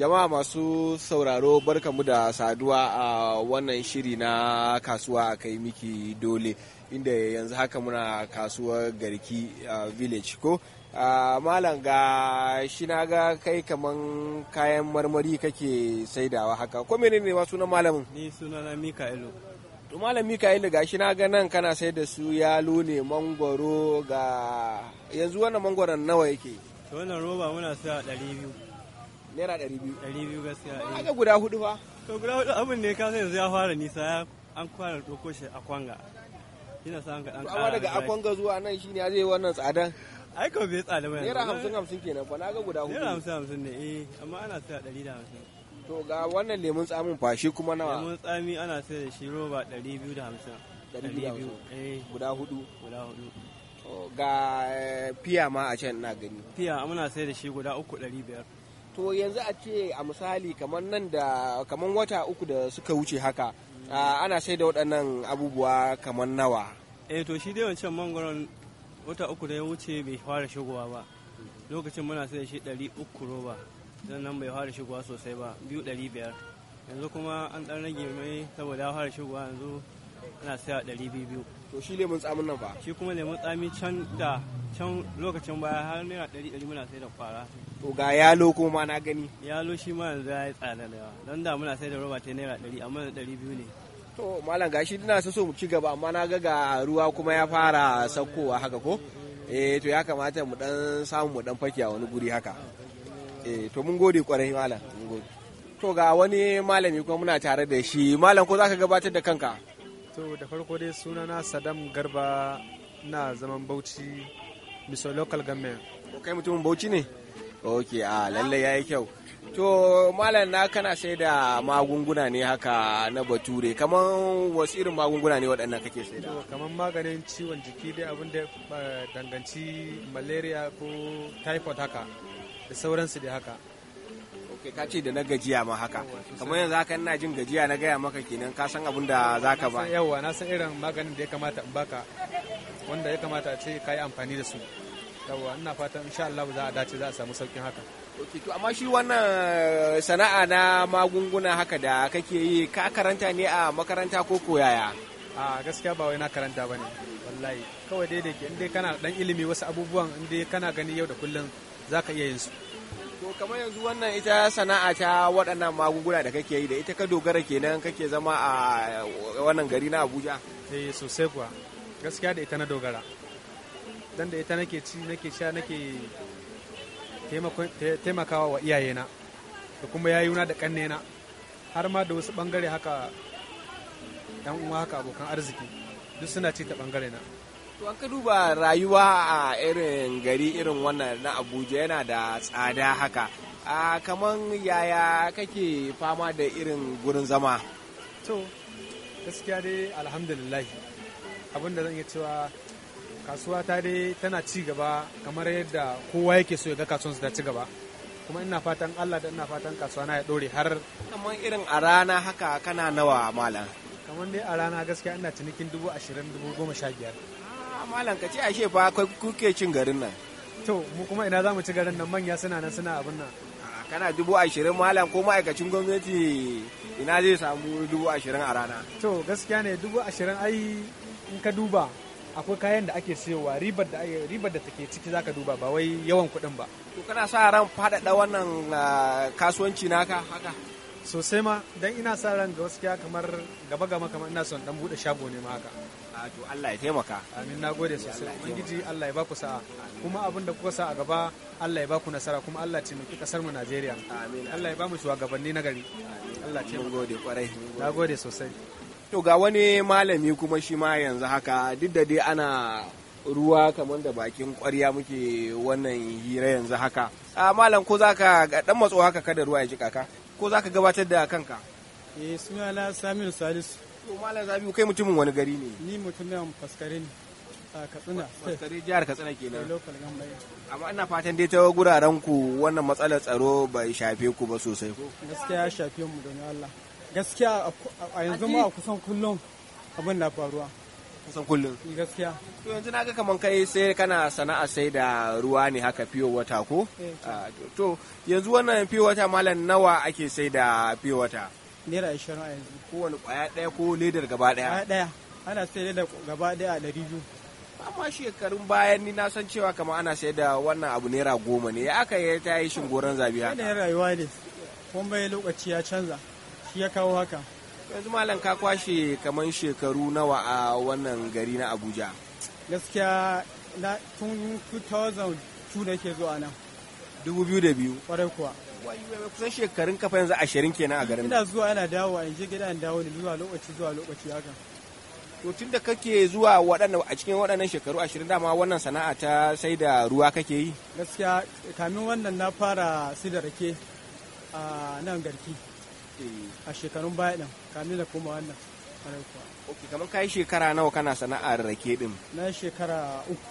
Jama'a masu sauraro barkamu da saduwa a wannan shiri na kasuwa a kai miki dole inda yanzu haka muna kasuwar garki village ko malam ga shi na ga kai kaman kayan marmari kake saidawa haka ko menene ma sunan malamin ni sunana mika'ilu to malam mika'ilu ga shi na ga nan kana sai da su yalo ne mangwaro ga yanzu wannan mangwaron nawa yake wannan roba muna sai a ɗari biyu naira ɗari biyu ɗari biyu gaskiya eh. ga guda hudu fa to guda hudu abin ne ka yanzu ya fara nisa ya an fara ɗauko shi a kwanga ina sa an ka ɗan ƙara daga kwanga zuwa nan shi ya zai wannan tsadan ai ko bai tsada ba naira hamsin hamsin kenan fa ga guda hudu naira hamsin hamsin ne eh amma ana saya ɗari da hamsin to ga wannan lemun tsamin fa shi kuma nawa lemun tsami ana sayar da shi roba ɗari biyu da hamsin ɗari biyu eh. guda hudu guda hudu ga fiya eh, ma a can na gani fiya muna sayar da shi guda uku ɗari biyar to yanzu a ce a misali kamar nan da kamar wata uku da suka wuce haka mm. ana sai da waɗannan abubuwa kamar nawa eh to shi dai wancan mangoron wata uku da ya wuce bai fara shigowa ba lokacin muna sai da shi ɗari uku roba nan bai fara shigowa sosai ba biyu ɗari biyar yanzu kuma an ɗan rage mai saboda ya fara shigowa yanzu ana sai a ɗari biyu biyu to shi lemun tsamin nan ba shi kuma lemun tsami can da can lokacin baya har naira ɗari ɗari muna sai da kwara to ga yalo kuma ma na gani yalo shi ma yanzu ya yi tsada da yawa don da muna sai da roba ta naira ɗari amma da ɗari biyu ne to malam gashi dina sa so mu ci gaba amma na ga ga ruwa kuma ya fara saukowa haka ko eh to ya kamata mu dan samu mu dan fake a wani guri haka eh to mun gode kwarai malam mun gode to ga wani malami kuma muna tare da shi malam ko zaka gabatar da kanka to da farko dai sunana sadam garba na zaman bauchi miso local government kai mutumin bauchi ne ok a lalle ya yi kyau to malam na kana sai da magunguna ne haka na bature kamar wasu irin magunguna ne waɗannan kake sai da kamar maganin ciwon jiki dai abin da eh, danganci malaria ko typhoid haka da sauransu da haka Okay, ka ce da na gajiya ma haka kamar yanzu haka ina jin gajiya na gaya maka kenan ka san abin da za ka ba Yawwa na san irin maganin da ya kamata in baka wanda ya kamata ce ka yi amfani da su yawwa ina fatan insha Allah za a dace za a samu saukin haka Okay, to amma shi wannan eh, sana'a na magunguna haka da kake yi ka karanta ne a makaranta ko koyaya a gaskiya ba wai na karanta bane wallahi kawai dai da ke in dai kana dan ilimi wasu abubuwan in dai kana gani yau da kullum zaka iya yin su To kamar yanzu wannan ita sana'a ta waɗannan magunguna da kake yi da ita ka dogara kenan kake zama a wannan gari na Abuja? Eh sosai kuwa. Gaskiya da ita na dogara. Dan da ita nake ci nake sha nake taimakawa wa iyayena da kuma yayuna da kannena har ma da wasu bangare haka yan uwa haka abokan arziki duk suna ci ta bangare na. to an ka duba rayuwa a irin gari irin wannan na abuja yana da tsada haka a kaman yaya kake fama da irin gurin zama to gaskiya dai alhamdulillah abinda zan iya cewa kasuwa ta dai tana ci gaba kamar yadda kowa yake so ya ga kasuwansu ta ci gaba kuma ina fatan Allah da ina fatan kasuwa na ya dore har kamar irin a rana haka kana nawa malam kamar dai a rana gaskiya ina cinikin dubu ashirin dubu goma sha biyar Ah, malam ka ce ashe fa akwai kuke cin garin nan to mu kuma ina za mu ci garin nan manya suna nan suna abin nan ah, kana dubu ashirin malam ko ma'aikacin gwamnati ina zai samu dubu ashirin a rana to gaskiya ne dubu ashirin ai in ka duba akwai kayan da ake sayowa ribar da ribar da take ciki zaka duba ba wai yawan kuɗin ba to kana sa ran faɗaɗa wannan ah, kasuwanci naka haka sosai ma dan ina sa ran ga gaskiya kamar gaba gaba kamar ina son dan bude shago ne ma haka a ah, to Allah ya taimaka amin nagode sosai ubangiji Allah ya baku sa'a kuma abin da kuka sa a gaba Allah ya baku nasara kuma Allah ya taimaki kasar mu Najeriya amin Allah ya ba mu shugabanni na gari Allah ya taimaka gode kwarai nagode sosai to ga wani malami kuma shi ma yanzu haka duk da dai ana ruwa kamar da bakin kwarya muke wannan hira yanzu haka ah, malam ko zaka ga dan matso haka kada ruwa ya ji kaka ko za ka gabatar da kanka eh suna na saminu salisu to malam zabiu kai mutumin wani gari ne ni mutumin faskare ne a katsina faskare jihar katsina kenan eh, amma ina fatan dai ta guraren ku wannan matsalar tsaro bai shafe ku ba sosai ko gaskiya ya shafe mu don Allah gaskiya a yanzu ma a kusan kullum abin na faruwa kusan kullum eh, gaskiya to yanzu na ga kaman kai sai kana sana'a sai da ruwa ne haka fiyo wata ko eh, ah, to yanzu wannan fiyo wata malam nawa ake sai da fiyo wata naira 20 a yanzu kowane kwaya ɗaya ko ledar gaba ɗaya. kwaya ɗaya. ana sai ledar gaba ɗaya a 200 amma shekarun bayan ni na san cewa kamar ana sai da wannan abu naira goma ne ya aka yi ta yi shingoron haka. yanayin rayuwa ne kuma bai lokaci ya canza shi ya kawo haka yanzu malam ka kwashe kamar shekaru nawa a wannan gari na abuja gaskiya na tun 2002 da ke zuwa nan 2002 kwarai kuwa kusan shekarun kafa yanzu ashirin kenan a garin ina zuwa yana dawo a yanzu gida dawo ne zuwa lokaci zuwa lokaci haka to tun da kake zuwa a cikin waɗannan shekaru ashirin dama wannan sana'a ta sai da ruwa kake yi gaskiya kamin wannan na fara sai da rake a nan garki a shekarun baya din kamin da koma wannan ok kamar kayi shekara nawa kana sana'ar rake din na shekara uku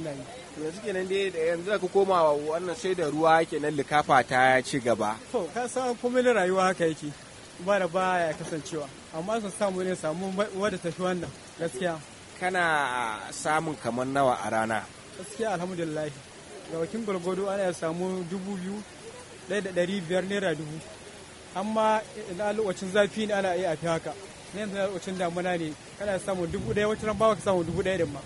ina yi yanzu dai da yanzu aka koma wannan sai da ruwa kenan likafa ta ci gaba to ka san komai na rayuwa haka yake ba da baya kasancewa amma sun samu ne samu wadda tafi wannan gaskiya kana samun kamar nawa a rana gaskiya alhamdulillah ga wakin gwargwado ana samu dubu biyu ɗaya da ɗari biyar naira dubu amma na lokacin zafi ne ana iya afi haka na yanzu na lokacin damuna ne kana samun dubu ɗaya wata ran bawa ka samun dubu ɗaya din ma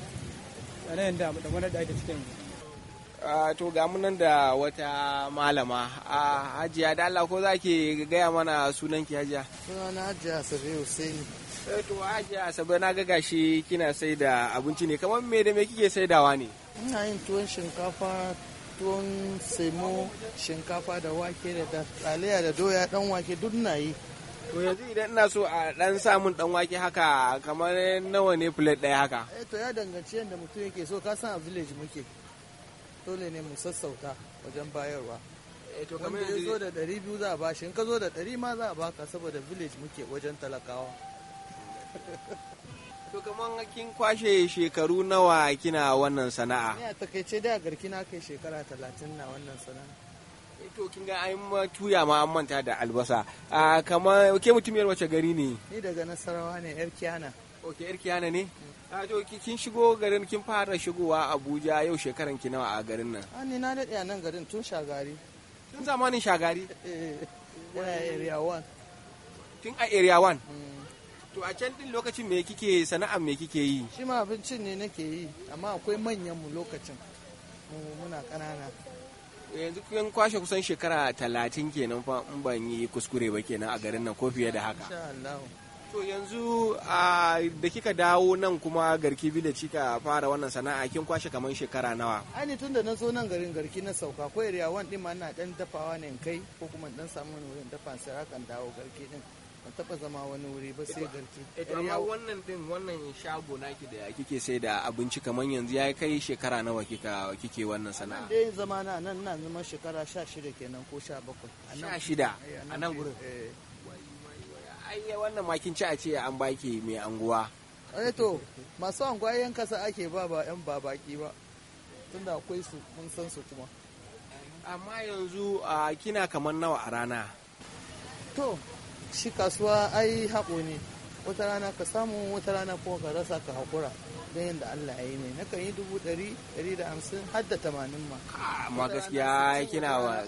a nan da damuna da ake cikin yanzu. to ga munan da wata malama a hajiya da Allah ko za ki gaya mana sunan ki hajiya. Sunana hajiya Sabi Hussaini. Eh, to hajiya Sabi na ga gashi kina sai da abinci ne kamar me da me kike saidawa ne. Ina yin tuwon shinkafa tuwon semo shinkafa da wake da tsaliya da doya dan wake duk na yi to yanzu idan ina so a dan samun dan wake haka kamar nawa ne plate ɗaya haka eh to ya danganci yadda mutum yake so ka san a village muke dole ne mu sassauta wajen bayarwa eh wanda ya zo da ɗari biyu za a ba shi in ka zo da ɗari ma za a baka saboda village muke wajen talakawa To kaman kin kwashe shekaru nawa kina wannan sana'a? Ni a takaice da garki na kai shekara talatin na wannan sana'a. Eh to kin ga an tuya ma an manta da albasa. A kamar ke mutum yar wace gari ne? Ni daga Nasarawa ne yar Kiyana. Ok yar Kiyana ne? Mm. A to kin shigo garin kin fara shigowa Abuja yau shekaran ki nawa a garin nan? Ni na daɗe a nan garin tun shagari. Tun zamanin shagari? Eh, eh, eh area 1. Tun a area 1? To a can din lokacin me kike sana'a me kike yi? Shi ma abincin ne nake yi, amma akwai manyan mu lokacin. Muna ƙanana. Yanzu kun kwashe kusan shekara talatin kenan fa in ban yi kuskure ba kenan a garin nan ko fiye da haka. To yanzu da kika dawo nan kuma garki da kika fara wannan sana'a kin kwashe kamar shekara nawa? Ani tun da na zo nan garin garki na sauka ko iriya wani din ma ina dan dafawa ne kai ko kuma dan samu wurin dafa sai hakan dawo garki din. ban taba zama wani wuri ba sai ganti amma wannan din wannan shago naki da kike sai da abinci kamar yanzu ya kai shekara nawa kika kike wannan sana'a dai zama na nan na zama shekara 16 kenan ko 17 16 a nan gurin ai wannan makin ci a ce an baki mai anguwa eh to masu anguwa yan kasa ake ba ba yan ba baki ba tunda akwai su mun san su kuma amma yanzu ah, kina kamar nawa a rana to shi kasuwa ai haƙo ne wata rana ka samu wata rana kuma ka rasa ka haƙura don yadda Allah ya yi ne na kan yi dubu ɗari ɗari da hamsin har da tamanin ma. amma gaskiya kina wa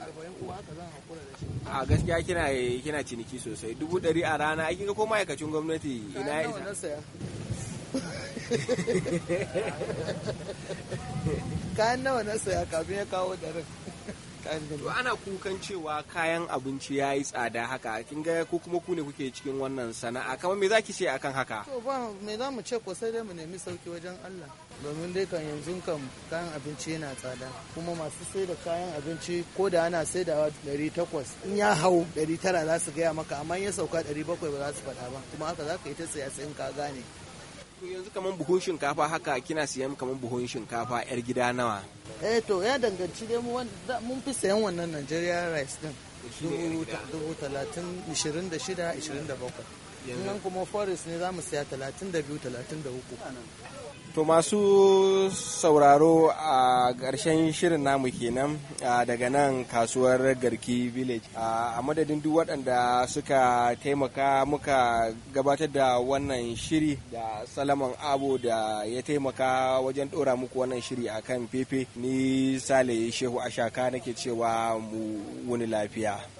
a gaskiya kina kina ciniki sosai dubu ɗari a rana ai kika ko ma'aikacin gwamnati ina ya isa. kayan nawa na saya kafin ya kawo ɗarin. to ana kukan cewa kayan abinci ya yi tsada haka kin ga ko kuma ku ne kuke cikin wannan sana'a kamar me zaki ce akan haka to ba me za mu ce ko sai dai mu nemi sauki wajen Allah domin dai kan yanzu kan kayan abinci yana tsada kuma masu sai da kayan abinci ko da ana sai da 800 in ya hau 900 za su gaya maka amma in ya sauka 700 ba za su faɗa ba kuma haka za ka yi ta saya sai in ka gane to yanzu kamar buhun shinkafa haka kina siyan kamar buhun shinkafa yar gida nawa eh to ya danganci dai mu mun fi sayan wannan Nigeria rice din dubu talatin ishirin da shida ishirin da bakwai kuma forest ne za mu siya talatin da biyu talatin da uku To masu sauraro a ƙarshen shirin namu kenan daga nan kasuwar Garki Village. A madadin duk waɗanda suka taimaka muka gabatar da wannan shiri da Salaman Abo da ya taimaka wajen ɗora muku wannan shiri a kan fefe ni Sale Shehu Ashaka nake cewa mu wuni lafiya.